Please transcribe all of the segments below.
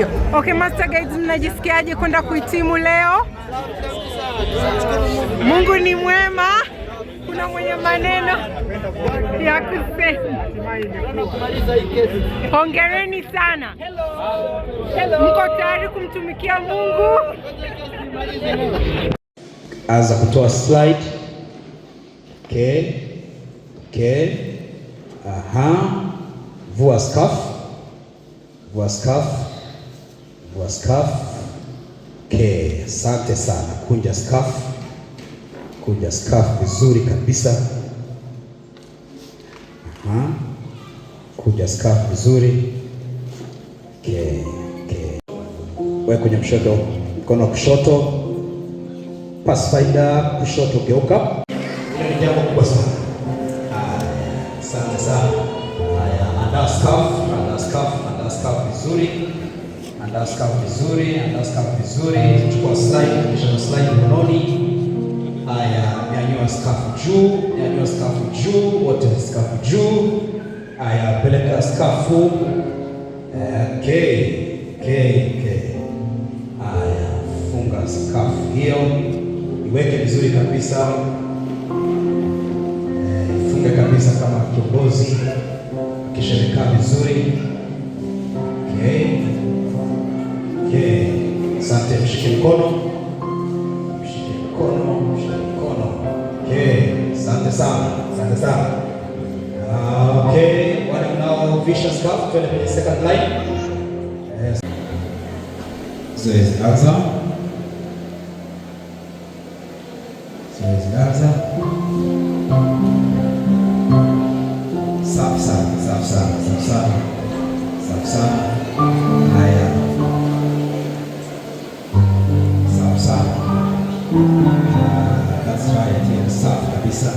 Ndio. Okay, Master Guides, mnajisikiaje kwenda kuhitimu leo? Mungu ni mwema. Kuna mwenye maneno ya kusema? Hongereni sana. Mko tayari kumtumikia Mungu? Anza kutoa slide. Okay. Okay. Aha. Vua scarf. Vua scarf wa scarf K. Asante sana, kunja scarf, kunja scarf vizuri kabisa. Aha. Kunja scarf vizuri K. K. We kwenye mshoto, mkono wa kushoto pas faida, kushoto geuka. Hilo ni jambo kubwa sana. Asante sana. Haya, andaa scarf, andaa scarf, andaa scarf vizuri andaska skafu vizuri, andaska skafu vizuri, chukua slide, kisha slide mkononi. Haya, nyanyua skafu juu, nyanyua skafu juu, wote skafu juu. Haya, peleka skafu. Okay, eh, okay, okay. Haya, funga skafu hiyo, iweke vizuri kabisa. sana asante sana. Ah, okay, wale mnaovisha scarf, twende kwenye second line. Yes. So is anza. So is safi Sapsa. Sapsa. Sapsa. Sapsa. Israeli safi kabisa.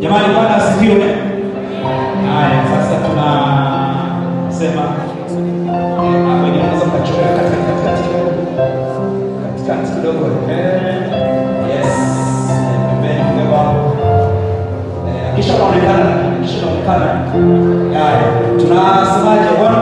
jamani, Bwana asifiwe. Haya, sasa tunasema kisha kuonekana mwisho wa Haya, tunasemaje? Bwana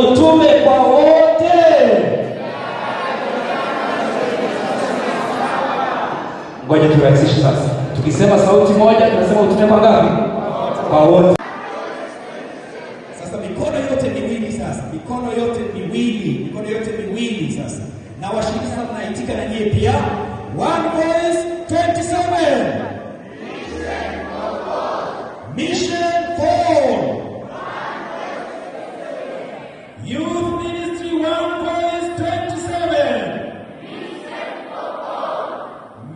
utume kwa wote. Ngoja turahisishe sasa, tukisema sauti moja tunasema utume kwa ngapi? Kwa wote. Sasa mikono yote miwili, sasa mikono yote miwili, mikono yote miwili sasa, na washiriki sasa mnaitika na nyie pia wana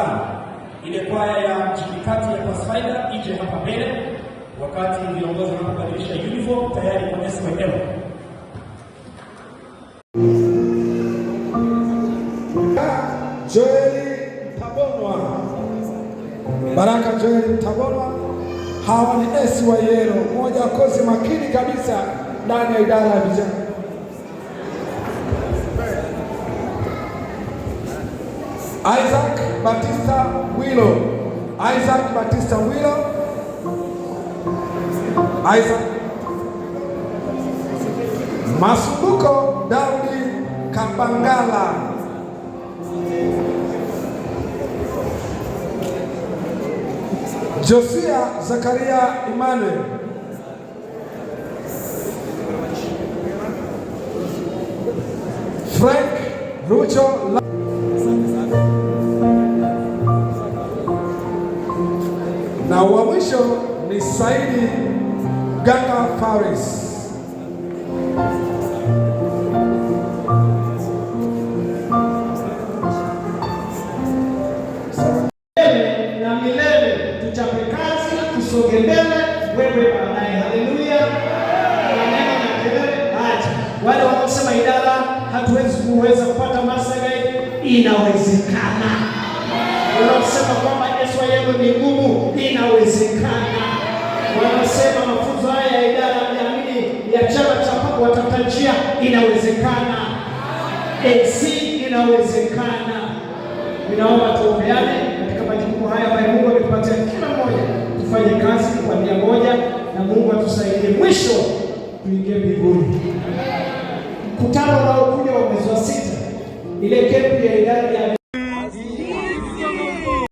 sana ile kwaya ya chikikati ya Pathfinder ije hapa mbele, wakati viongozi wanapobadilisha uniform tayari kwa SYM. Joeli Tabonwa, Baraka Joeli Tabonwa, hawa ni syl moja kozi makini kabisa ndani ya idara ya vijana Isaac Batista Wilo, Isaac Batista Wilo, Isaac Masumbuko Daudi Kapangala Josia Zakaria Emmanuel Frank Rucho na wa mwisho ni Saidi Ganga Faris. milele tuchape idara hatuwezi kuweza kupata inawezekana. Wanaosema kwamba Yesu yenu ni ngumu inawezekana. Wanasema mafunzo haya ya idara ya mbili ya chama cha watapata njia inawezekana, AC inawezekana. Ninaomba tuombeane katika majukumu haya ambayo Mungu ametupatia kila mmoja, tufanye kazi kwa nia moja, na Mungu atusaidie mwisho tuingie mbinguni. Mkutano unaokuja wa mwezi wa sita, ile kempu ya idara ya